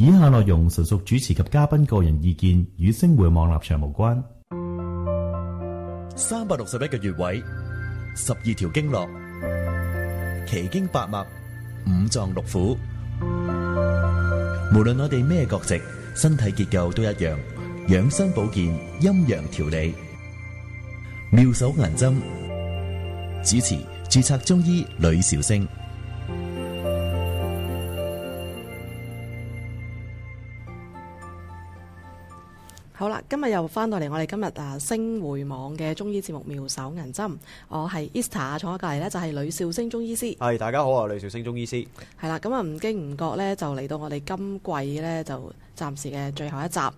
以下內容純屬主持及嘉賓個人意見，與星匯網立場無關。三百六十一個穴位，十二條經絡，奇經八脈，五臟六腑。無論我哋咩國籍，身體結構都一樣。養生保健，陰陽調理，妙手銀針。主持註冊中醫呂紹星。今日又翻到嚟，我哋今日啊星匯網嘅中醫節目《妙手銀針》，我係 Easter 坐喺隔籬呢就係呂少星中醫師。係，大家好啊，呂少星中醫師。係啦，咁啊，唔經唔覺呢就嚟到我哋今季呢就暫時嘅最後一集。咁啊，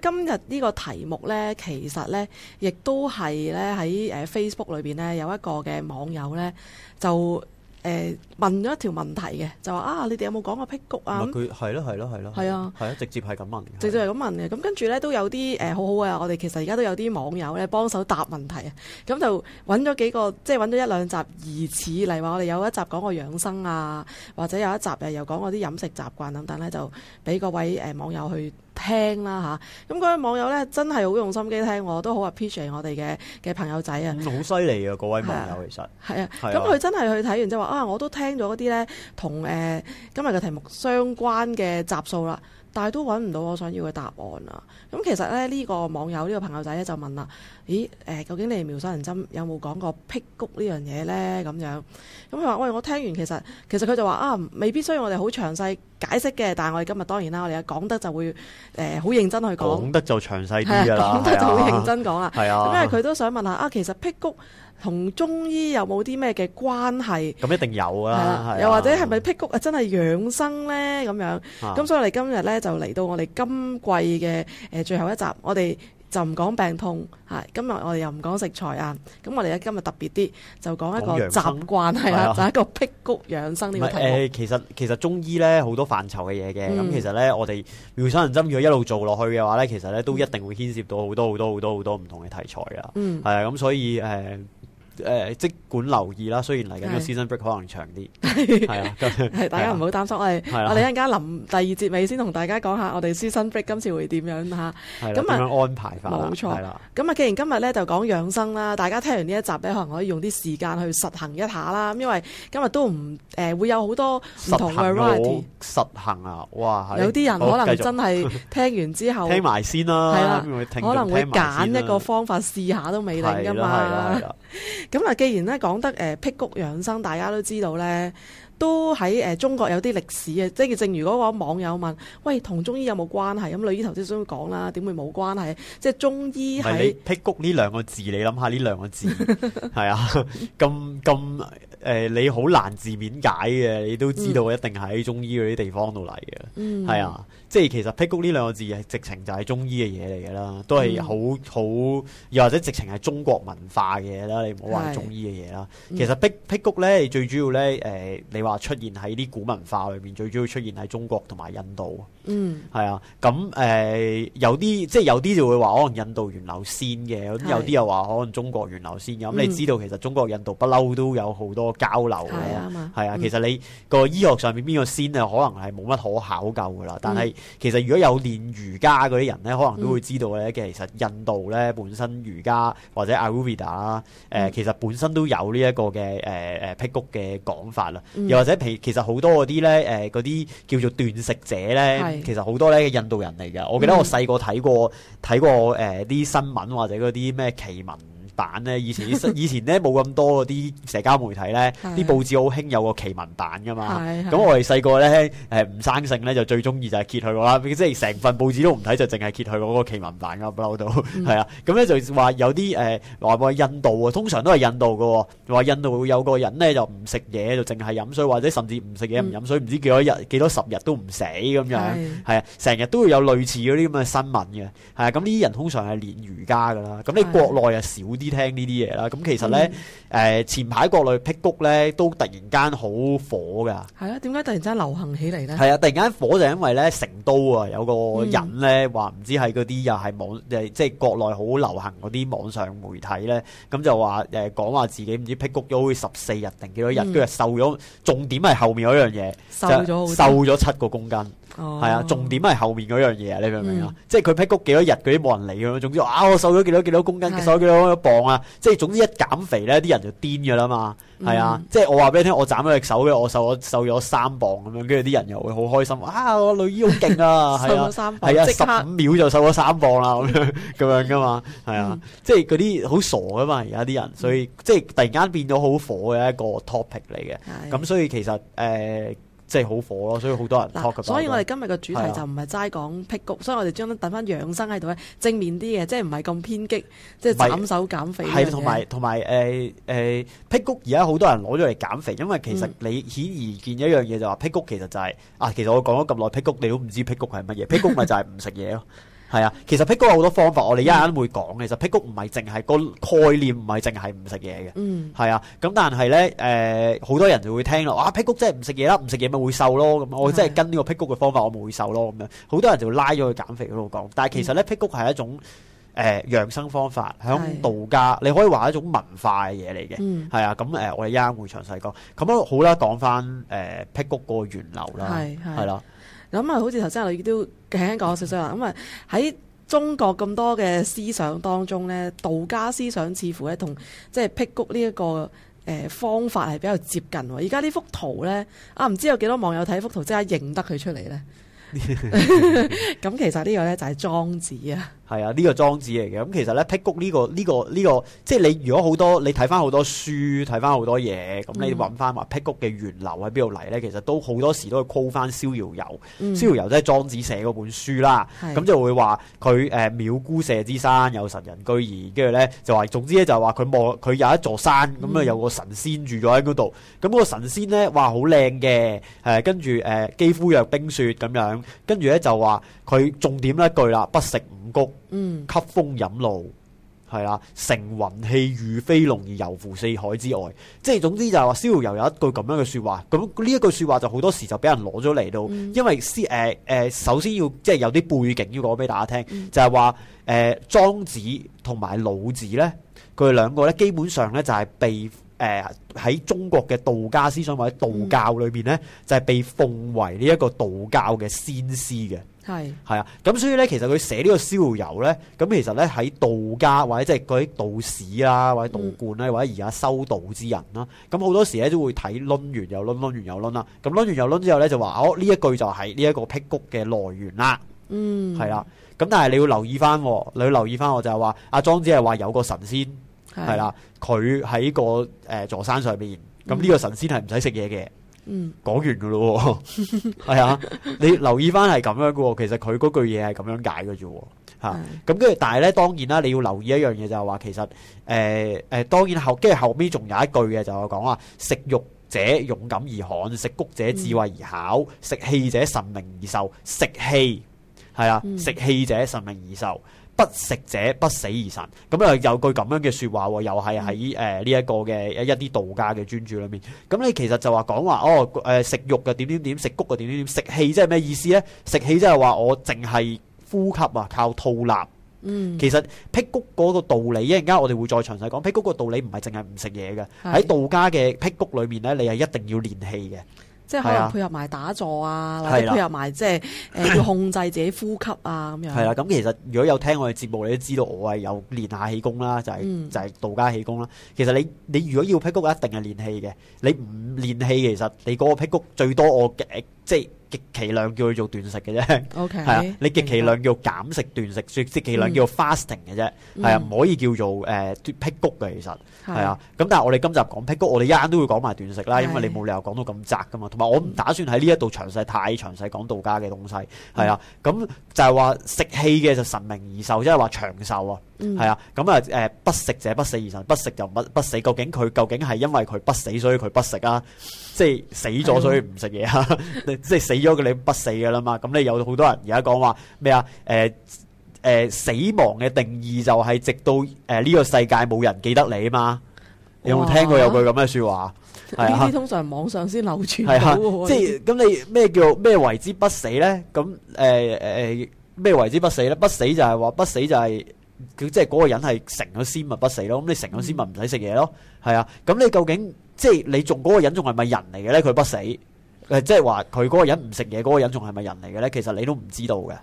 今日呢個題目呢，其實呢亦都係呢喺誒 Facebook 裏邊呢有一個嘅網友呢就。誒、呃、問咗一條問題嘅，就話啊，你哋有冇講過辟穀啊？佢係咯係咯係咯，係啊，係啊的，直接係咁問嘅，直接係咁問嘅。咁跟住咧都有啲誒、呃、好好嘅，我哋其實而家都有啲網友咧幫手答問題，咁就揾咗幾個，即係揾咗一兩集疑似，例如話我哋有一集講過養生啊，或者有一集誒又講過啲飲食習慣，啊，等等咧就俾各位誒、呃、網友去。聽啦嚇，咁嗰位網友咧真係好用心機聽，我都好 appreciate 我哋嘅嘅朋友仔啊，好犀利啊各位網友其實，係啊，咁佢真係去睇完之後話，我都聽咗嗰啲咧同誒今日嘅題目相關嘅集數啦。但係都揾唔到我想要嘅答案啊！咁其實咧呢個網友呢、呢個朋友仔咧就問啦：咦誒，究竟你哋妙手銀針有冇講過辟谷呢樣嘢呢？」咁樣，咁佢話：喂，我聽完其實其實，佢就話啊，未必需要我哋好詳細解釋嘅，但係我哋今日當然啦，我哋講得就會誒好、呃、認真去講，講得就詳細啲啦，講、啊、得就好認真講啊，係啊，因為佢都想問下啊，其實辟谷。同中醫有冇啲咩嘅關係？咁一定有啦，又或者係咪辟谷啊？真係養生呢？咁樣？咁所以我哋今日呢，就嚟到我哋今季嘅誒最後一集。我哋就唔講病痛係，今日我哋又唔講食材啊。咁我哋今日特別啲，就講一個習慣係啊，就一個辟谷養生呢個題目。其實其實中醫咧好多範疇嘅嘢嘅。咁其實呢，我哋妙手銀針如果一路做落去嘅話呢，其實呢都一定會牽涉到好多好多好多好多唔同嘅題材啊。係啊，咁所以誒。誒，即管留意啦，雖然嚟緊個 season break 可能長啲，係啊，大家唔好擔心，我哋我哋一陣間臨第二節尾先同大家講下我哋 season break 今次會點樣吓，咁啊安排法冇錯啦。咁啊，既然今日咧，就講養生啦，大家聽完呢一集咧，可能可以用啲時間去實行一下啦，因為今日都唔誒會有好多唔同嘅 variety 實行啊，哇，有啲人可能真係聽完之後，聽埋先啦，係啦，可能會揀一個方法試下都未定噶嘛。咁啊，既然咧講得誒辟、呃、谷養生，大家都知道咧，都喺誒、呃、中國有啲歷史嘅，即係正如嗰個網友問，喂，同中醫有冇關係？咁女醫頭先都講啦，點會冇關係？即係中醫喺辟谷呢兩個字，你諗下呢兩個字係啊，咁咁誒你好難字面解嘅，你都知道一定喺中醫嗰啲地方度嚟嘅，係啊、嗯。即係其實辟谷呢兩個字係直情就係中醫嘅嘢嚟嘅啦，都係好好又或者直情係中國文化嘅嘢啦，你唔好話中醫嘅嘢啦。是其實辟辟谷咧最主要咧誒、呃，你話出現喺啲古文化裏邊，最主要出現喺中國同埋印度。Mm. 啊、嗯，係啊，咁誒有啲即係有啲就會話可能印度源流先嘅，有啲又話可能中國源流先嘅。咁、mm. 你知道其實中國印度不嬲都有好多交流嘅，係、mm. 啊，嗯、啊，其實你個醫學上面邊個先啊，可能係冇乜可考究噶啦。但係其實如果有練瑜伽嗰啲人咧，可能都會知道咧，其實印度咧本身瑜伽或者阿育吠陀啦，誒、呃 mm. 其實本身都有呢一個嘅誒誒辟谷嘅講法啦。又或者譬如其實好多嗰啲咧誒嗰啲叫做斷食者咧。Mm. 嗯其實好多咧印度人嚟嘅，我記得我細個睇過睇過誒啲、呃、新聞或者啲咩奇聞。版咧，以前以前咧冇咁多嗰啲社交媒體咧，啲 報紙好興有個奇聞版㗎嘛。咁 我哋細個咧誒唔生性咧，就最中意就係揭佢去啦，即係成份報紙都唔睇，就淨係揭佢嗰個奇聞版嘅不嬲到。係 啊，咁咧就話有啲誒話話印度啊，通常都係印度嘅，話印度有個人咧就唔食嘢就淨係飲水，或者甚至唔食嘢唔飲水，唔 知幾多日幾多十日都唔死咁樣。係 啊，成日、啊啊、都會有類似嗰啲咁嘅新聞嘅。係啊，咁呢啲人通常係練瑜伽㗎啦。咁你國內少 啊少啲。聽呢啲嘢啦，咁其實呢，誒、嗯呃、前排國內辟穀呢都突然間好火噶。係啊，點解突然間流行起嚟呢？係啊，突然間火就因為呢成都啊有個人呢話唔、嗯、知係嗰啲又係網誒，即、就、係、是、國內好流行嗰啲網上媒體呢。咁就話誒講話自己唔知辟穀咗好似十四日定幾多日，跟住、嗯、瘦咗，重點係後面嗰樣嘢，瘦咗瘦咗七個公斤。係啊，重點係後面嗰樣嘢，你明唔明啊？即係佢辟谷幾多日，嗰啲冇人理咁樣。總之啊，我瘦咗幾多幾多公斤，瘦咗幾多幾多磅啊！即係總之一減肥咧，啲人就癲噶啦嘛，係啊！即係我話俾你聽，我斬咗隻手嘅，我瘦我瘦咗三磅咁樣，跟住啲人又會好開心啊！我女醫好勁啊，係啊，係啊，十五秒就瘦咗三磅啦，咁樣咁樣噶嘛，係啊！即係嗰啲好傻噶嘛，而家啲人，所以即係突然間變咗好火嘅一個 topic 嚟嘅，咁所以其實誒。即係好火咯，所以好多人學嘅。所以我哋今日嘅主題的就唔係齋講辟穀，的所以我哋將等翻養生喺度咧，正面啲嘅，即係唔係咁偏激，是即係減手減肥嘅。係同埋同埋誒誒辟穀，而家好多人攞咗嚟減肥，因為其實你顯而見一樣嘢就話辟穀其實就係、是嗯、啊，其實我講咗咁耐辟穀，你都唔知辟穀係乜嘢？辟穀咪就係唔食嘢咯。 係啊，其實辟谷有好多方法，我哋一陣間會講。嗯、其實辟谷唔係淨係個概念是是，唔係淨係唔食嘢嘅。嗯，係啊。咁但係咧，誒、呃，好多人就會聽啦。哇、啊，辟谷真係唔食嘢啦，唔食嘢咪會瘦咯。咁我真係跟呢個辟谷嘅方法，我咪會瘦咯。咁樣，好多人就會拉咗去減肥嗰度講。但係其實咧，辟谷係一種誒養、呃、生方法，響道家是 你可以話一種文化嘅嘢嚟嘅。嗯，係啊、嗯。咁誒、嗯，我哋一陣間會詳細講。咁好啦，講翻誒辟谷個源流啦。係係。係啦。咁啊，好似頭先阿雷都輕輕講少少啦。咁啊，喺中國咁多嘅思想當中咧，道家思想似乎咧同即係辟穀呢一個誒方法係比較接近。而家呢幅圖咧，啊唔知有幾多網友睇幅圖即刻認得佢出嚟咧？咁 其實呢個咧就係莊子啊。係啊，呢個莊子嚟嘅。咁其實咧，辟谷呢個呢個呢個，即係你如果好多你睇翻好多書，睇翻好多嘢，咁你揾翻話辟谷嘅源流喺邊度嚟咧，其實都好多時都係 call 翻《逍遙遊》。《逍遙遊》即係莊子寫嗰本書啦。咁就會話佢誒，藐姑射之山有神人居焉。跟住咧就話，總之咧就係話佢望佢有一座山，咁啊有個神仙住咗喺嗰度。咁個神仙咧，話好靚嘅誒，跟住誒肌膚若冰雪咁樣，跟住咧就話。佢重點一句啦，不食五穀，吸風飲露，係啦，乘雲氣如飛龍而遊乎四海之外。即係總之就係話，逍遙遊有一句咁樣嘅説話。咁呢一句説話就好多時就俾人攞咗嚟到，因為司誒誒，首先要即係有啲背景要講俾大家聽，就係話誒莊子同埋老子咧，佢哋兩個咧基本上咧就係被誒喺、呃、中國嘅道家思想或者道教裏面咧、嗯、就係被奉為呢一個道教嘅先師嘅。係，係啊，咁所以咧，其實佢寫個呢個逍遙遊咧，咁其實咧喺道家或者即係嗰啲道士啦，或者道觀咧，或者而家修道之人啦，咁好、嗯、多時咧都會睇攣完又攣，攣完又攣啦，咁攣完又攣之後咧就話，哦呢一句就係呢一個辟谷嘅來源啦，嗯，係啦，咁但係你要留意翻、哦，你要留意翻，我就係話，阿莊子係話有個神仙係啦，佢喺個誒、呃、座山上面，咁呢個神仙係唔使食嘢嘅。講、嗯、完噶咯，係 啊，你留意翻係咁樣噶，其實佢嗰句嘢係咁樣解噶啫。吓，咁跟住，但係咧當然啦，你要留意一樣嘢就係、是、話，其實誒誒、呃呃，當然後跟住後尾仲有一句嘅就係講啊，食肉者勇敢而悍，食穀者智慧而巧，嗯、食氣者神明而壽。食氣，係啊，嗯、食氣者神明而壽。不食者不死而神，咁啊有句咁樣嘅說話，又係喺誒呢一個嘅一啲道家嘅專注裏面。咁、嗯、你其實就話講話哦誒、呃、食肉嘅點點點，食穀嘅點點點，食氣即係咩意思呢？食氣即係話我淨係呼吸啊，靠吐納。嗯，其實辟穀嗰個道理，一陣間我哋會再詳細講。辟穀個道理唔係淨係唔食嘢嘅，喺是道家嘅辟穀裏面呢，你係一定要練氣嘅。即係可能配合埋打坐啊，的或者配合埋即係誒、呃、要控制自己呼吸啊咁樣。係啦，咁其實如果有聽我嘅節目，你都知道我係有練下氣功啦，就係、是嗯、就係道家氣功啦。其實你你如果要辟谷，一定係練氣嘅。你唔練氣，其實你嗰個辟谷最多我嘅即係。極其量叫做斷食嘅啫，係 Okay, 啊，白你極其量叫做減食斷食，即極其量叫 fasting 嘅啫，係、嗯、啊，唔可以叫做誒、呃、辟穀嘅其實係、嗯、啊，咁但係我哋今集講辟穀，我哋一間都會講埋斷食啦，是因為你冇理由講到咁窄㗎嘛，同埋我唔打算喺呢一度詳細太詳細講道家嘅東西，係、嗯、啊，咁、嗯嗯嗯、就係話食氣嘅就神明而壽，即係話長壽啊。係啊，咁啊，誒，不食者不死而神，不食就不不死。究竟佢究竟係因為佢不死，所以佢不食啊？即係死咗，所以唔食嘢啊？即係死咗嘅你不死噶啦嘛？咁你有好多人而家講話咩啊？誒誒，死亡嘅定義就係直到誒呢個世界冇人記得你啊嘛？有冇聽過有句咁嘅說話？呢啲通常網上先流傳到。即係咁，你咩叫咩為之不死咧？咁誒誒咩為之不死咧？不死就係話不死就係。即係嗰個人係成咗先咪不死咯，咁你成咗先咪唔使食嘢咯，係啊，咁、嗯、你究竟即係你仲嗰個人仲係咪人嚟嘅呢？佢不死，誒，即係話佢嗰個人唔食嘢，嗰、嗰個人仲係咪人嚟嘅呢？其實你都唔知道嘅，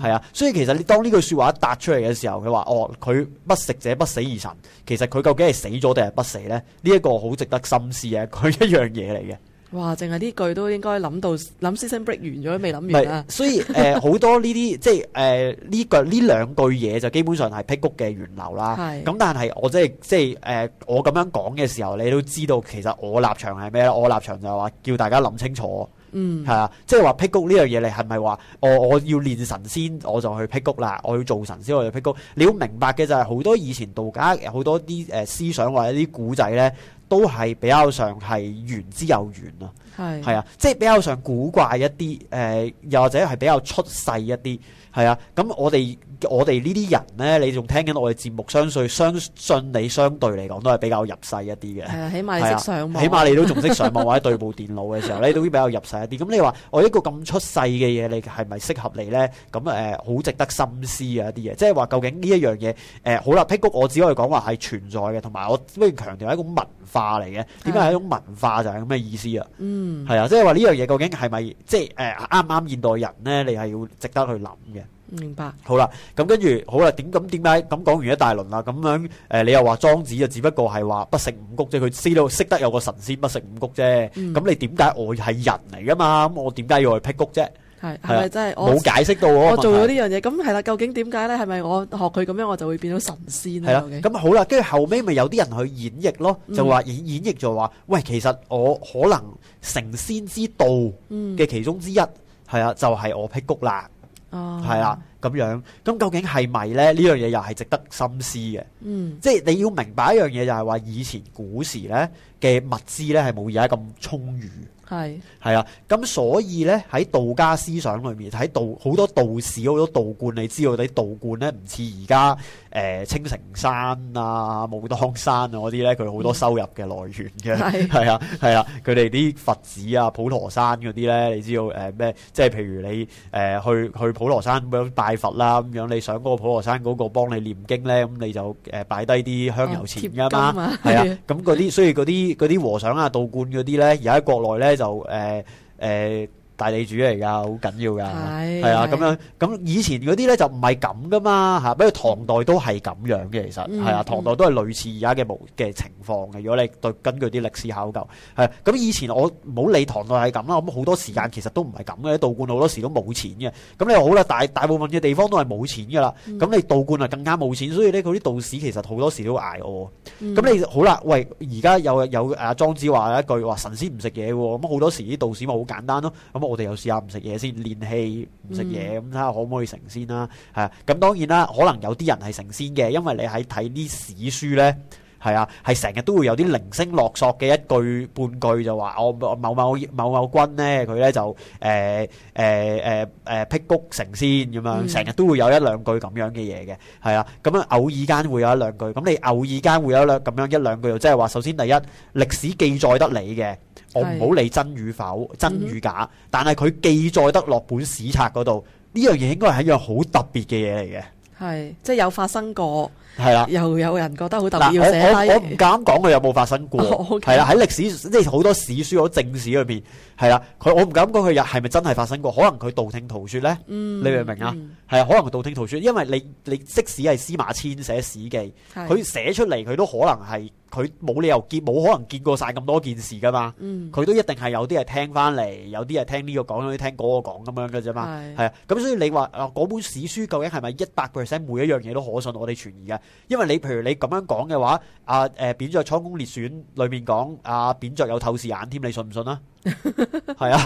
係啊，所以其實你當呢句說話一答出嚟嘅時候，佢話哦，佢不食者不死而神。其實佢究竟係死咗定係不死呢？呢、這、一個好值得深思嘅佢一樣嘢嚟嘅。哇！淨係呢句都應該諗到諗 season break 完咗都未諗完、啊、所以誒好、呃、多呢啲即係誒呢句呢兩句嘢就基本上係辟穀嘅源流啦。咁是但係我即係即係誒、呃、我咁樣講嘅時候，你都知道其實我立場係咩啦？我立場就係話叫大家諗清楚。嗯，係啊，即係話辟穀呢樣嘢你係咪話我我要練神仙我就去辟穀啦？我要做神仙我就辟穀。你要明白嘅就係、是、好多以前道家好多啲誒、呃、思想或者啲古仔呢。都係比較上係緣之有緣啊！係，啊，即係比較上古怪一啲，誒、呃，又或者係比較出世一啲，係啊，咁我哋我哋呢啲人呢，你仲聽緊我哋節目相，相信相信你相對嚟講都係比較入世一啲嘅，起碼你，、啊、你都仲識上網 或者對部電腦嘅時候你都比較入世一啲。咁你話我一個咁出世嘅嘢，你係咪適合你呢？咁誒，好、呃、值得深思啊！啲嘢，即係話究竟呢一樣嘢，誒、呃，好啦，辟穀，我只可以講話係存在嘅，同埋我雖然強調係一種文化嚟嘅，點解係一種文化就係咁嘅意思啊？嗯嗯，係啊，即係話呢樣嘢究竟係咪即係誒啱唔啱現代人咧？你係要值得去諗嘅。明白。好啦，咁跟住好啦，點咁點解咁講完一大輪啦？咁樣誒，你又話莊子就只不過係話不食五穀，即係佢知道識得有個神仙不食五穀啫。咁你點解我係人嚟㗎嘛？咁我點解要去辟谷啫？係，係咪真係我？冇解釋到我，我做咗呢樣嘢，咁係啦。究竟點解咧？係咪我學佢咁樣，我就會變咗神仙咧？咁、啊、好啦，跟住後尾咪有啲人去演繹咯，就話演、嗯、演繹就話，喂，其實我可能成仙之道嘅其中之一，係、嗯、啊，就係、是、我辟穀啦，係啦咁樣。咁究竟係咪咧？呢樣嘢又係值得深思嘅。嗯、即係你要明白一樣嘢，就係、是、話以前古時咧嘅物資咧係冇而家咁充裕。係係啊，咁所以咧，喺道家思想裏面，喺道好多道士、好多道觀，你知道啲道觀咧唔似而家。誒青城山啊、武當山啊嗰啲咧，佢好多收入嘅來源嘅，係啊、嗯，係啊的，佢哋啲佛寺啊、普陀山嗰啲咧，你知道誒咩、呃？即係譬如你誒、呃、去去普陀山咁樣拜佛啦，咁樣你上嗰個普陀山嗰個幫你念經咧，咁、嗯、你就誒擺低啲香油錢㗎嘛，係啊、嗯，咁嗰啲所以嗰啲嗰啲和尚啊、道觀嗰啲咧，而家喺國內咧就誒誒。呃呃呃呃呃大地主嚟噶，好緊要噶，係、哎、啊，咁樣咁、嗯、以前嗰啲咧就唔係咁噶嘛嚇，不過唐代都係咁樣嘅，其實係啊，唐代都係類似而家嘅嘅情況嘅。如果你對根據啲歷史考究係，咁、啊嗯、以前我唔好理唐代係咁啦，咁好多時間其實都唔係咁嘅，道觀好多時都冇錢嘅。咁、嗯、你好啦，大大部分嘅地方都係冇錢噶啦，咁你道觀啊更加冇錢，所以咧，佢啲道士其實好多時都捱餓。咁、嗯、你好啦，喂，而家有有阿、啊、莊子話一句話，神仙唔食嘢喎，咁好多時啲道士咪好簡單咯，咁、嗯。我哋又試下唔食嘢先，練氣唔食嘢，咁睇下可唔可以成仙啦？係啊，咁當然啦，可能有啲人係成仙嘅，因為你喺睇啲史書咧，係啊，係成日都會有啲零星落索嘅一句半句就話，我某某某某君咧，佢咧就誒誒誒誒辟谷成仙咁樣，成日都會有一兩句咁樣嘅嘢嘅，係啊，咁樣偶爾間會有一兩句，咁你偶爾間會有一兩咁樣一兩句，又即係話首先第一歷史記載得你嘅。我唔好理真與否、真與假，嗯、哼但係佢記載得落本史冊嗰度，呢樣嘢應該係一樣好特別嘅嘢嚟嘅，係即係有發生過。係啦，又有人覺得好特別，我我我唔敢講佢有冇發生過。係啦、哦，喺、okay. 歷史即係好多史書，喺正史入面係啦。佢我唔敢講佢有係咪真係發生過？可能佢道聽途說咧。嗯、你明唔明啊？係啊、嗯，可能道聽途說，因為你你即使係司馬遷寫史記，佢寫的出嚟佢都可能係佢冇理由見冇可能見過晒咁多件事噶嘛。佢、嗯、都一定係有啲係聽翻嚟，有啲係聽呢個講，有啲聽嗰個講咁樣噶啫嘛。係啊的，咁的所以你話嗰本史書究竟係咪一百 percent 每一樣嘢都可信？我哋存疑嘅。因為你譬如你咁樣講嘅話，阿、啊、誒、呃、扁鵲倉公列選裏面講阿、啊、扁鵲有透視眼添，你信唔信 啊？係啊，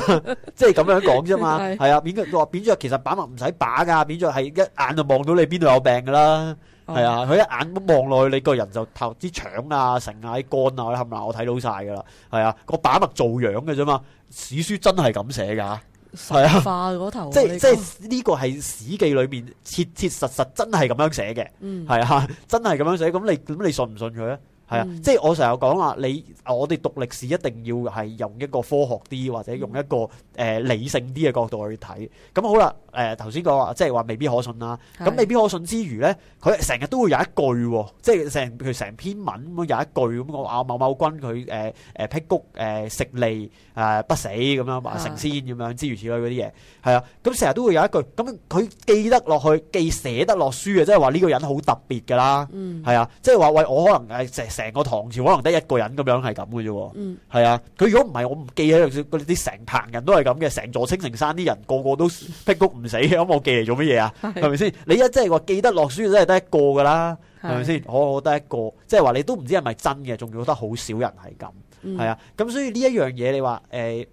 即係咁樣講啫嘛。係 啊，扁鵲話扁鵲其實把脈唔使把噶，扁鵲係一眼就望到你邊度有病噶啦。係、oh、啊，佢、啊、一眼望落去，你個人就透支腸啊、腎啊、啲肝啊，冚唪唥，我睇到晒噶啦。係啊，個把脈做樣嘅啫嘛。史書真係咁寫噶。係啊，啊，即你說 即呢個係史記裏面切切實實真係咁樣寫嘅。係、嗯、啊，真係咁樣寫，咁你咁你信唔信佢啊？係啊，即係我成日講話你，我哋讀歷史一定要係用一個科學啲，或者用一個誒、嗯呃、理性啲嘅角度去睇。咁好啦，誒頭先講話即係話未必可信啦。咁未必可信之餘咧，佢成日都會有一句、喔，即係成譬如成篇文咁有一句咁話某某君佢誒誒辟穀誒食利啊不死咁樣話成仙咁樣之如此類嗰啲嘢，係啊，咁成日都會有一句。咁、嗯、佢記得落去，既寫得落書嘅，即係話呢個人好特別㗎啦。係、嗯、啊，即係話喂，我可能誒成個唐朝可能得一個人咁樣，係咁嘅啫，係、嗯、啊。佢如果唔係，我唔記得嗰啲成棚人都係咁嘅，成座青城山啲人個個都辟谷唔死，咁、 嗯、我記嚟做乜嘢啊？係咪先？你一即係話記得落書都係得一個噶啦，係咪先？我得一個，即係話你都唔知係咪真嘅，仲要得好少人係咁，係、嗯、啊。咁所以呢一樣嘢，你話誒。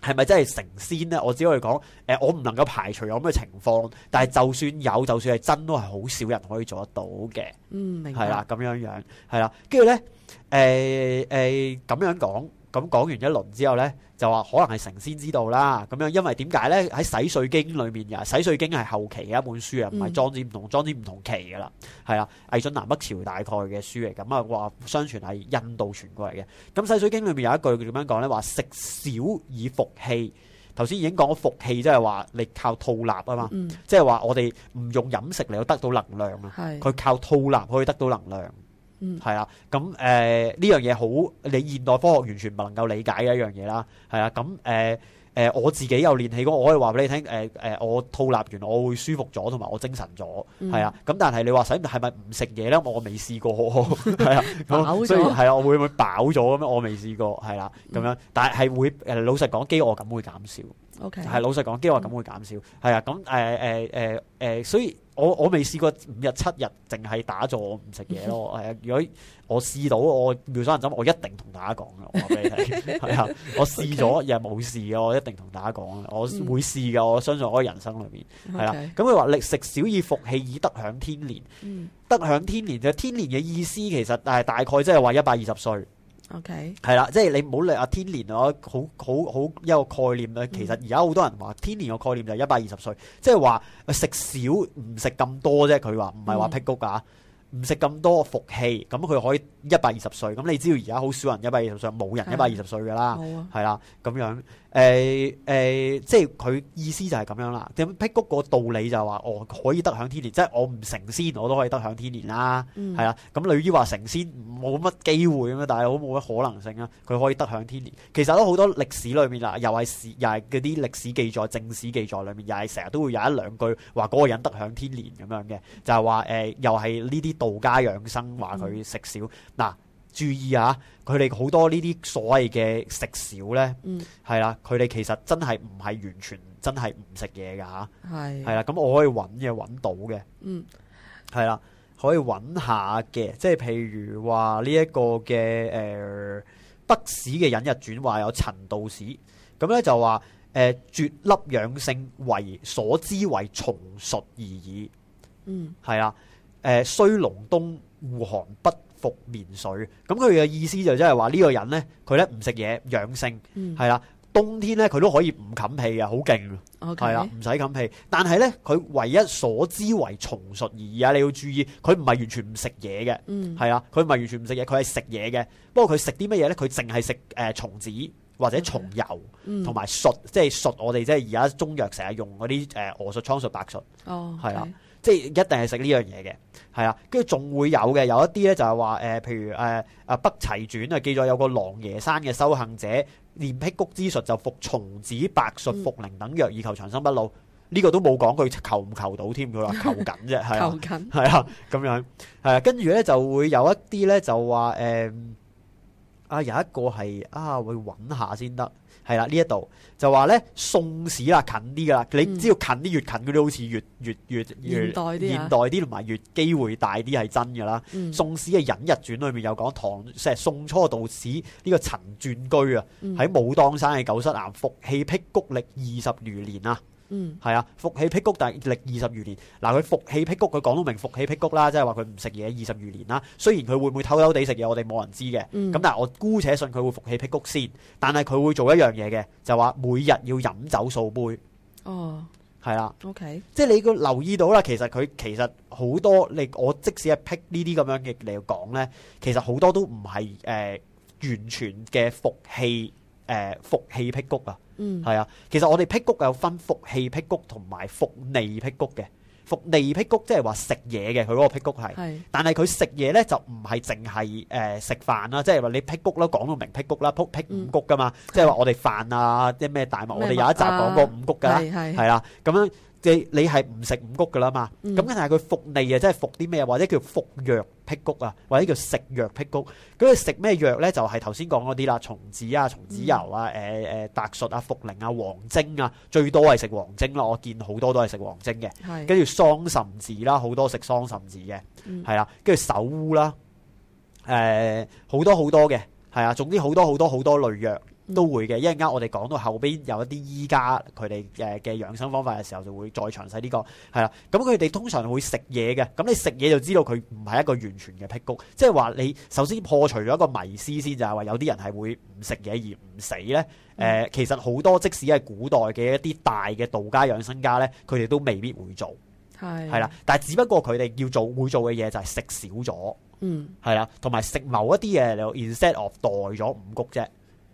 係咪真係成仙咧？我只可以講，誒、呃，我唔能夠排除有咁嘅情況，但係就算有，就算係真，都係好少人可以做得到嘅。嗯，明係啦，咁樣、呃呃、樣，係啦，跟住咧，誒誒，咁樣講。咁講完一輪之後呢，就話可能係成仙之道啦。咁樣，因為點解呢？喺《洗髓經》裏面又，《洗髓經》係後期嘅一本書啊，唔係裝置唔同、嗯、裝置唔同期嘅啦。係啊，魏晉南北朝大概嘅書嚟。咁啊話，相傳係印度傳過嚟嘅。咁《洗髓經》裏面有一句點樣講呢？話食少以服氣。頭先已經講咗服氣，即係話你靠吐納啊嘛。即係話我哋唔用飲食嚟到得到能量啊。佢、嗯、靠吐納可以得到能量。嗯，係啦、嗯，咁誒呢樣嘢好、呃，你現代科學完全唔能夠理解嘅一樣嘢啦，係啊，咁誒誒我自己又練氣功，我可以話俾你聽，誒誒我吐納完，我會舒服咗，同埋我精神咗，係啊，咁但係你話使係咪唔食嘢咧？我未試過，係 啊，咁、嗯、 了所以係啊，會唔會飽咗咁啊？我未試過，係啦，咁樣，但係係會誒、呃、老實講，飢餓感會減少，OK，係老實講，飢餓感會減少，係啊 Okay.，咁誒誒誒誒，所以。嗯嗯所以嗯我我未試過五日七日淨係打坐，我唔食嘢咯。係啊，如果我試到我妙手銀針，我一定同大家講嘅。我話俾你聽，係啊， 我試咗又係冇事嘅。我一定同大家講，我會試嘅。嗯、我相信我人生裏面係啦。咁佢話：力食少而服氣，以得享天年。得享、嗯、天年就天年嘅意思其實係大概即係話一百二十歲。OK，係啦，即係你唔好理阿天年咯，好好好一個概念啦。其實而家好多人話天年個概念就係一百二十歲，即係話食少唔食咁多啫。佢話唔係話辟穀噶。唔食咁多福氣，咁佢可以一百二十歲，咁你知道而家好少人一百二十歲，冇人一百二十歲噶啦，係啦咁樣，誒、呃、誒、呃、即係佢意思就係咁樣啦。咁辟穀個道理就係話，我、哦、可以得享天年，即係我唔成仙，我都可以得享天年啦。係啦、嗯，咁類似話成仙冇乜機會咁啊，但係好冇乜可能性啊。佢可以得享天年，其實都好多歷史裏面啦，又係史，又係嗰啲歷史記載正史記載裏面，又係成日都會有一兩句話嗰個人得享天年咁樣嘅，就係話誒又係呢啲。道家養生話佢食少。嗱、嗯、注意啊！佢哋好多呢啲所謂嘅食少咧，係、嗯、啦，佢哋其實真係唔係完全真係唔食嘢噶吓，係是啦，咁我可以揾嘅揾到嘅，嗯，係啦，可以揾下嘅，即係譬如話呢一個嘅誒、呃，北史嘅隱逸傳話有陳道士，咁呢，就話誒絕粒養性為所知為從術而已，嗯，係啦。誒，雖隆冬，護寒不服綿絮。咁佢嘅意思就即係話呢個人咧，佢咧唔食嘢養性，係啦。嗯、冬天咧佢都可以唔冚被嘅，好勁。係啦 Okay.，唔使冚被。但係咧，佢唯一所知為松術而已啊！你要注意，佢唔係完全唔食嘢嘅，係啊、嗯，佢唔係完全唔食嘢，佢係食嘢嘅。不過佢食啲乜嘢咧？佢淨係食誒松子或者松油，同埋術，嗯、即係術。我哋即係而家中藥成日用嗰啲誒莪術、蒼術、白術，係啊。Okay. 即係一定係食呢樣嘢嘅，係啊，跟住仲會有嘅，有一啲咧就係話，誒、呃，譬如誒，啊、呃、北齊傳啊，記載有個琅琊山嘅修行者，練辟穀之術，就服松子白術茯苓等藥，以求長生不老。呢、嗯、個都冇講，佢求唔求到添，佢話求緊啫，係啊，係啊 緊，咁樣係，跟住咧就會有一啲咧就話，誒、呃。啊，有一個係啊，會揾下先得，係啦。呢一度就話呢，宋史啦近啲噶啦，你只要近啲，越近嗰啲，好似越越越越現代啲、啊、現代啲同埋越機會大啲係真噶啦。嗯、宋史嘅隱逸傳裏面有講唐，即係宋初道士呢、呢個陳摶居啊，喺、嗯、武當山嘅九室岩服氣辟穀歷二十餘年啊。嗯，係啊，服氣辟穀，但係歷二十餘年。嗱、啊，佢服氣辟穀，佢講到明服氣辟穀啦，即係話佢唔食嘢二十餘年啦。雖然佢會唔會偷偷地食嘢，我哋冇人知嘅。咁、嗯、但係我姑且信佢會服氣辟穀先。但係佢會做一樣嘢嘅，就話每日要飲酒數杯。哦，係啦、啊。OK，即係你要留意到啦。其實佢其實好多，你我即使係辟呢啲咁樣嘅嚟講呢，其實好多都唔係誒完全嘅服氣誒服、呃、氣辟谷啊，嗯，係啊，其實我哋辟谷有分服氣辟谷同埋服利辟谷嘅，服利辟谷即係話食嘢嘅，佢嗰個辟谷係，是但係佢食嘢咧就唔係淨係誒食飯啦、啊，即係話你辟谷啦，講到明辟谷啦，辟辟，辟五谷噶嘛，即係話我哋飯啊，啲咩大麥，麼我哋有一集講過五谷噶、啊，係係、啊，啦，咁、啊、樣。你你係唔食五谷噶啦嘛？咁但係佢服餌啊，即係服啲咩啊？或者叫服藥辟谷啊，或者叫食藥辟谷。咁佢食咩藥咧？就係頭先講嗰啲啦，松子啊、松子油啊、誒、呃、誒、達術啊、茯苓啊、黃精啊，最多係食黃精啦。我見好多都係食黃精嘅。跟住是桑葚子啦，好多食桑葚子嘅。係啦、嗯，跟住首烏啦，誒、啊、好、呃、多好多嘅，係啊，總之好多好多好多，多類藥。都會嘅，一陣間我哋講到後邊有一啲依家，佢哋誒嘅養生方法嘅時候，就會再詳細啲講。係啦，咁佢哋通常會食嘢嘅，咁你食嘢就知道佢唔係一個完全嘅辟穀，即係話你首先破除咗一個迷思先，就係、是、話有啲人係會唔食嘢而唔死咧。誒、嗯呃，其實好多即使係古代嘅一啲大嘅道家養生家咧，佢哋都未必會做，係係啦。但係只不過佢哋要做會做嘅嘢就係食少咗，嗯，係啦，同埋食某一啲嘢你就 instead of 代咗五穀啫。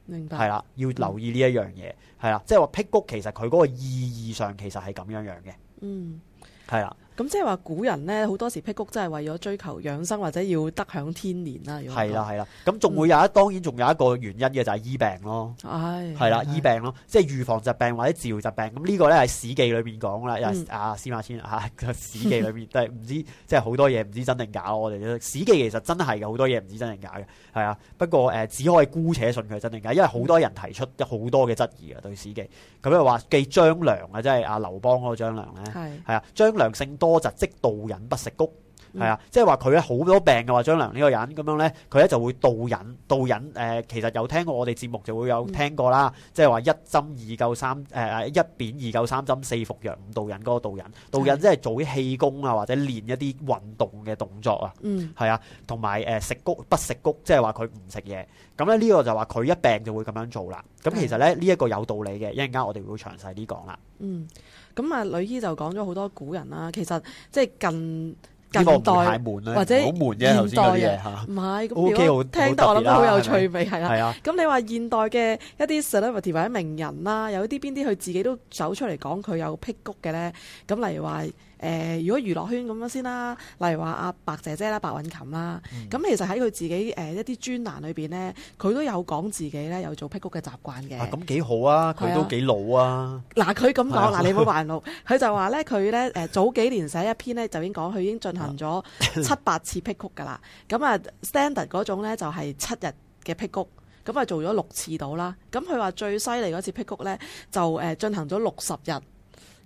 明白，係啦，要留意呢一樣嘢係啦，即係話辟穀其實佢嗰個意義上其實係咁樣樣嘅，嗯，係啦。咁即係話古人咧，好多時辟穀真係為咗追求養生或者要得享天年啦。係啦，係啦，咁仲、嗯、會有一，當然仲有一個原因嘅就係醫病咯。係，係啦，的的醫病咯，即係預防疾病或者治療疾病。咁、這個、呢個咧係史記裏面講啦，又阿、嗯啊、司馬遷吓、啊、史記裏面都係唔知，即係好多嘢唔知真定假。我哋史記其實真係嘅，好多嘢唔知真定假嘅。係啊，不過誒、呃，只可以姑且信佢真定假，因為好多人提出好多嘅質疑啊，對史記咁又話記張良啊，即係阿劉邦嗰個張良咧，係，係啊，張良姓。多疾即道引不食穀，係、嗯、啊，即係話佢咧好多病嘅話，張良呢個人咁樣呢，佢咧就會道引，道引誒、呃，其實有聽過我哋節目就會有聽過啦，即係話一針二灸三誒一扁二灸三針四服藥五道引嗰個道引，道引即係做啲氣功啊，或者練一啲運動嘅動作、嗯、啊，係啊，同埋誒食穀不食穀，即係話佢唔食嘢，咁咧呢個就話、是、佢一病就會咁樣做啦。咁其實咧呢一、嗯、個有道理嘅，一陣間我哋會詳細啲講啦。嗯。咁啊，女醫、嗯、就講咗好多古人啦。其實即係近近代或者現代啲嘢嚇，唔係咁，如果我聽到都好 okay,、啊、有趣味係啊。咁你話現代嘅一啲 celebrity 或者名人啦，有啲邊啲佢自己都走出嚟講佢有辟谷嘅咧？咁、嗯、例如話。誒、呃，如果娛樂圈咁樣先啦、啊，例如話阿白姐姐啦、白韻琴啦、啊，咁、嗯、其實喺佢自己誒、呃、一啲專欄裏邊呢，佢都有講自己呢有做辟谷嘅習慣嘅。啊，咁幾好啊！佢、啊、都幾老啊！嗱、啊，佢咁講，嗱、啊，你唔好話人老，佢 就話呢，佢呢誒早幾年寫一篇呢，就已經講，佢已經進行咗七八次辟谷噶啦。咁啊 Standard 嗰種呢就係七日嘅辟谷，咁啊做咗六次到啦。咁佢話最犀利嗰次辟谷呢，就誒、是、進行咗六十日。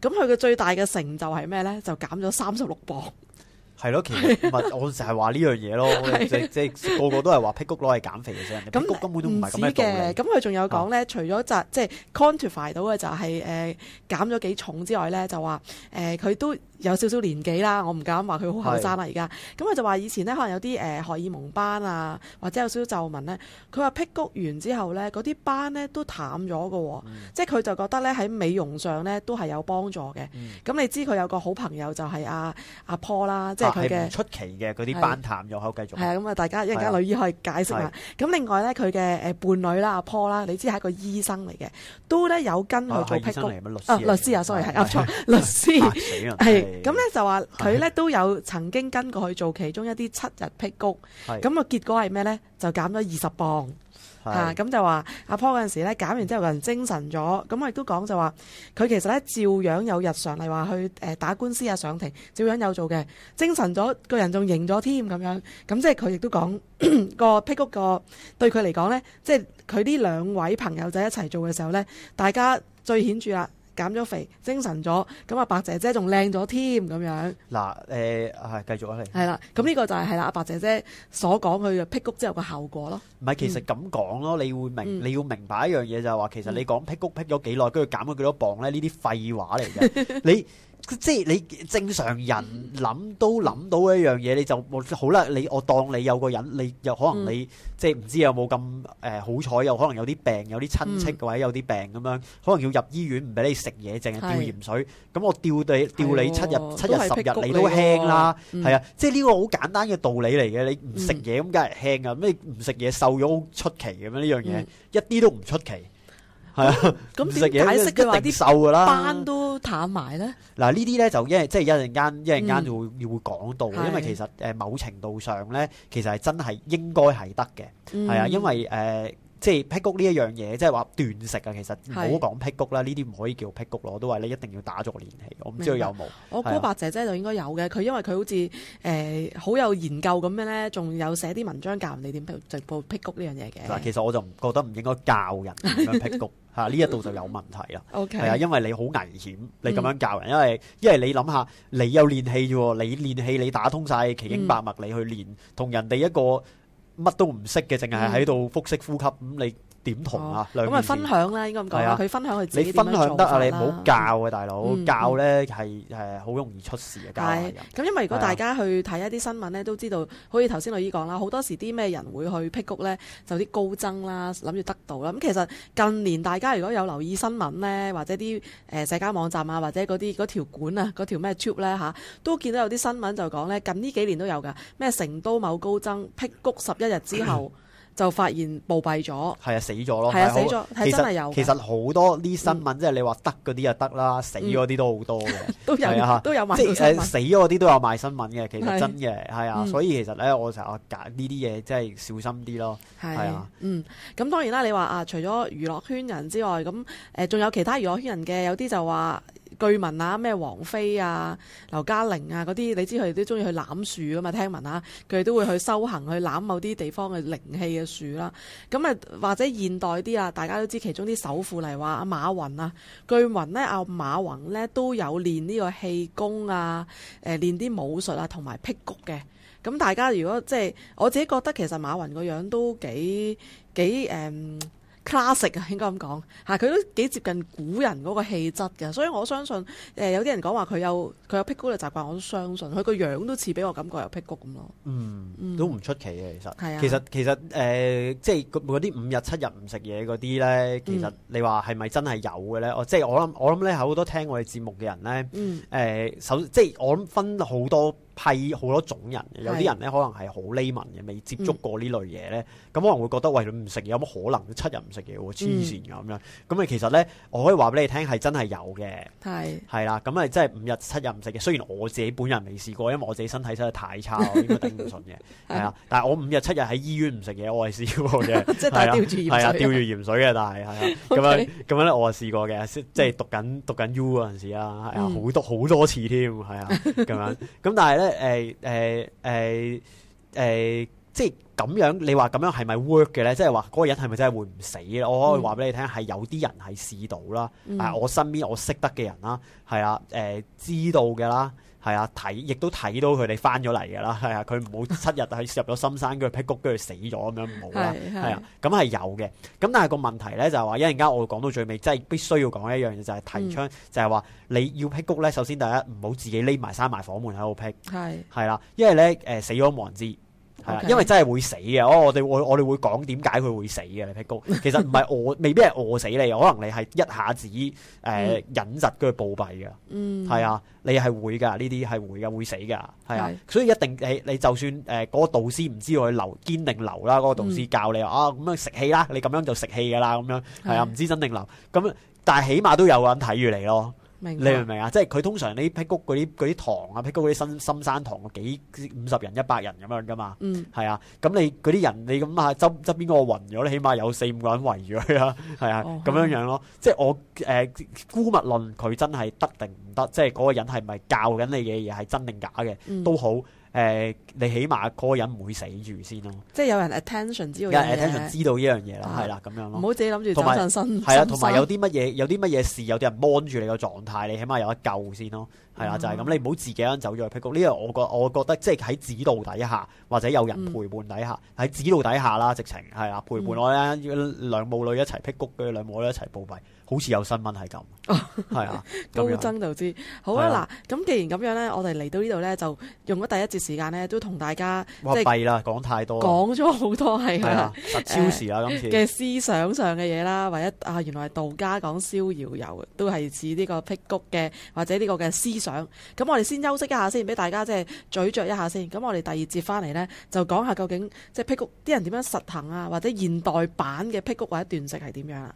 咁佢嘅最大嘅成就係咩咧？就減咗三十六磅。係 咯，其實唔係。我成日話呢樣嘢咯，即即個個都係話辟谷攞嚟減肥嘅啫。辟谷根本都唔係咁嘅道理。咁佢仲有講咧，除咗就即、是、係 c、就、o、是、u n t e u r i f y 到嘅就係、是、誒、呃、減咗幾重之外咧，就話誒佢都。有少少年紀啦，我唔敢話佢好後生啦而家。咁佢就話以前呢，可能有啲誒荷爾蒙斑啊，或者有少少皺紋呢。佢話辟谷完之後呢，嗰啲斑呢都淡咗嘅，即係佢就覺得呢，喺美容上呢都係有幫助嘅。咁你知佢有個好朋友就係阿阿 Po 啦，即係佢嘅出奇嘅嗰啲斑淡咗，繼續講。係啊。咁啊，大家一陣間女醫可以解釋下。咁另外呢，佢嘅誒伴侶啦，阿 Po 啦，你知係一個醫生嚟嘅，都呢有跟佢做辟谷。律師啊，sorry 我錯，律師係。咁咧就話佢咧都有曾經跟過去做其中一啲七日辟谷，咁啊是結果係咩呢？就減咗二十磅吓，咁是、啊、就話阿 Paul 嗰陣時咧減完之後個人精神咗，咁我亦都講就話佢其實呢，照樣有日常，例如話去誒打官司啊上庭，照樣有做嘅，精神咗個人仲型咗添，咁樣，咁即係佢亦都講個辟谷個對佢嚟講呢，即係佢呢兩位朋友仔一齊做嘅時候呢，大家最顯著啦。減咗肥，精神咗，咁阿白姐姐仲靚咗添咁樣。嗱誒，係、呃啊、繼續啊你。係啦，咁呢個就係係啦，阿白姐姐所講佢嘅辟谷之後嘅效果咯。唔係，其實咁講咯，你會明，嗯、你要明白一樣嘢就係、係、話，其實你講辟谷辟咗幾耐，跟住減咗幾多磅咧，呢啲廢話嚟嘅，你。 即係你正常人諗都諗到一樣嘢，你就好啦。你我當你有個人，你又可能你即係唔知有冇咁誒好彩，又可能有啲病，有啲親戚、嗯、或者有啲病咁樣，可能要入醫院唔俾你食嘢，淨係吊鹽水。咁是我吊你的吊你七日七日十日，都你都輕啦。係啊、嗯，即係呢個好簡單嘅道理嚟嘅。你唔食嘢咁梗係輕啊！咩唔食嘢瘦咗好出奇咁樣呢樣嘢，一啲都唔出奇。係啊，咁點解釋話啲瘦啦，斑都淡埋咧？嗱呢啲咧就一即係一陣間一陣間就會要會講到、嗯、因為其實誒、呃、某程度上咧，其實係真係應該係得嘅，係、嗯、啊，因為誒、呃、即係辟谷呢一樣嘢，即係話斷食啊，其實唔好講辟谷啦，呢啲唔可以叫辟谷咯。我都話你一定要打坐練氣，我唔知道有冇。我哥白姐姐就應該有嘅，佢的因為佢好似誒、呃、好有研究咁樣咧，仲有寫啲文章教人哋點辟，就做辟谷呢樣嘢嘅。嗱，其實我就唔覺得唔應該教人點樣辟谷。 啊！呢一度就有問題啦，係 Okay. 啊，因為你好危險，你咁樣教人，嗯、因為因為你諗下，你有練氣啫，你練氣，你打通晒奇經百脈，嗯、你去練同人哋一個乜都唔識嘅，淨係喺度腹式呼吸，咁、嗯、你。點同啊？咁啊、哦，的分享啦，應該咁講，佢分享佢自己分享得啊，你唔好教啊，大佬、嗯、教咧係係好容易出事嘅教。係咁，因為如果大家去睇一啲新聞咧，都知道，好似頭先女醫講啦，好多時啲咩人會去辟谷咧，就啲高僧啦，諗住得到啦。咁其實近年大家如果有留意新聞咧，或者啲誒社交網站啊，或者嗰啲嗰條管啊，嗰條咩 tube 咧嚇，都見到有啲新聞就講咧，近呢幾年都有噶，咩成都某高僧辟谷十一日之後。 就發現暴斃咗，係啊死咗咯，係啊死咗，係真係有。其實好多啲新聞，即係你話得嗰啲啊得啦，死嗰啲都好多嘅，都有啊，都有賣。即係死嗰啲都有賣新聞嘅，其實真嘅係啊。所以其實咧，我成日揀呢啲嘢，即係小心啲咯。係啊，嗯。咁當然啦，你話啊，除咗娛樂圈人之外，咁誒仲有其他娛樂圈人嘅，有啲就話。據聞啊，咩王菲啊、劉嘉玲啊嗰啲，你知佢哋都中意去攬樹啊嘛？聽聞啊，佢哋都會去修行，去攬某啲地方嘅靈氣嘅樹啦。咁啊，或者現代啲啊，大家都知其中啲首富嚟話阿、啊、馬雲啊，據聞呢，阿、啊、馬雲呢都有練呢個氣功啊，誒、呃、練啲武術啊，同埋辟穀嘅。咁大家如果即係我自己覺得，其實馬雲個樣都幾幾誒。classic 啊，應該咁講嚇，佢都幾接近古人嗰個氣質嘅，所以我相信誒、呃、有啲人講話佢有佢有辟谷嘅習慣，我都相信，佢個樣都似俾我感覺有辟谷咁咯。嗯，都唔出奇嘅，其實。係啊的。其實其實誒，即係嗰啲五日七日唔食嘢嗰啲咧，其實你話係咪真係有嘅咧？哦，即係我諗我諗咧，好多聽我哋節目嘅人咧，誒，首即係我諗分好多批好多種人，有啲人咧的可能係好匿 a 嘅，未接觸過呢類嘢咧。嗯咁可能會覺得喂，唔食嘢有乜可能？七日唔食嘢，黐線㗎咁樣。咁啊，其實咧，我可以話俾你聽，係真係有嘅。係係啦，咁啊，即係五日七日唔食嘢。雖然我自己本人未試過，因為我自己身體真係太差，我應該頂唔順嘅。係啊 是，但係我五日七日喺醫院唔食嘢，我係試過嘅。即係吊係啊，吊住鹽水嘅，但係係啊，咁樣咁樣咧，我係試過嘅。即係讀緊讀緊 U 嗰陣時啊，係啊，好多、好多次添，係啊，咁樣。咁但係咧，誒誒誒誒。即係咁樣，你話咁樣係咪 work 嘅咧？即係話嗰個人係咪真係會唔死咧？我可以話俾你聽，係、嗯、有啲人係試到啦。啊、嗯，我身邊我識得嘅人啦，係啊，誒、呃、知道嘅啦，係啊，睇亦都睇到佢哋翻咗嚟嘅啦。係啊，佢唔好七日，佢入咗深山跟住辟穀，跟住死咗咁樣，唔好啦。係啊，咁係有嘅。咁但係個問題咧就係話，一陣間我講到最尾，即係必須要講一樣嘢，就係、是、提倡就係、是、話你要辟穀咧，首先第一唔好自己匿埋閂埋房門喺度辟，係係啦，因為咧誒、呃、死咗冇人知。係啊，Okay. 因為真係會死嘅。哦，我哋我我哋會講點解佢會死嘅。你辟穀，其實唔係餓，未必係餓死你，可能你係一下子誒引疾佢暴斃嘅。呃、嗯，係、嗯、啊，你係會噶呢啲係會噶，會死噶係啊。是所以一定你你就算誒嗰、呃那個導師唔知佢留堅定留啦，嗰、那個導師教你、嗯、啊，咁樣食氣啦，你咁樣就食氣噶啦，咁樣係啊，唔知真定留咁的，但係起碼都有人睇住你，你咯。明你明唔明啊？即係佢通常呢，辟穀嗰啲嗰啲堂啊，辟穀嗰啲深深山堂，幾五十人一百人咁樣噶嘛？嗯，係啊，咁你嗰啲人你咁啊，周周邊嗰個暈咗咧，起碼有四五個人圍住佢啊。係啊、哦，咁樣樣咯。嗯、即係我誒、呃、姑勿論佢真係得定唔得？即係嗰個人係咪教緊你嘅嘢係真定假嘅？嗯、都好。誒，你起碼嗰個人唔會死住先咯，即係有人 attention 知道，attention 知道依樣嘢啦，係啦，咁樣咯，唔好自己諗住單身，係啊，同埋有啲乜嘢，有啲乜嘢事，有啲人 mon 住你個狀態，你起碼有得救先咯，係啦，就係咁，你唔好自己一個人走咗去辟穀，呢個我覺我覺得即係喺指導底下，或者有人陪伴底下，喺指導底下啦，直情係啊，陪伴我咧，兩母女一齊辟穀嘅兩母女一齊暴斃，好似有新聞係咁，係啊，高爭就知，好啊嗱，咁既然咁樣咧，我哋嚟到呢度咧，就用咗第一節。時間咧都同大家哇即啦是，講太多，講咗好多係啦，哎呀啊、超時啦、哎、呀今次嘅思想上嘅嘢啦，或者啊原來係道家講逍遙遊都係指呢個辟穀嘅或者呢個嘅思想。咁我哋先休息一下先，俾大家即係咀嚼一下先。咁我哋第二節翻嚟咧，就講下究竟即係辟穀啲人點樣實行啊，或者現代版嘅辟穀或者斷食係點樣啦。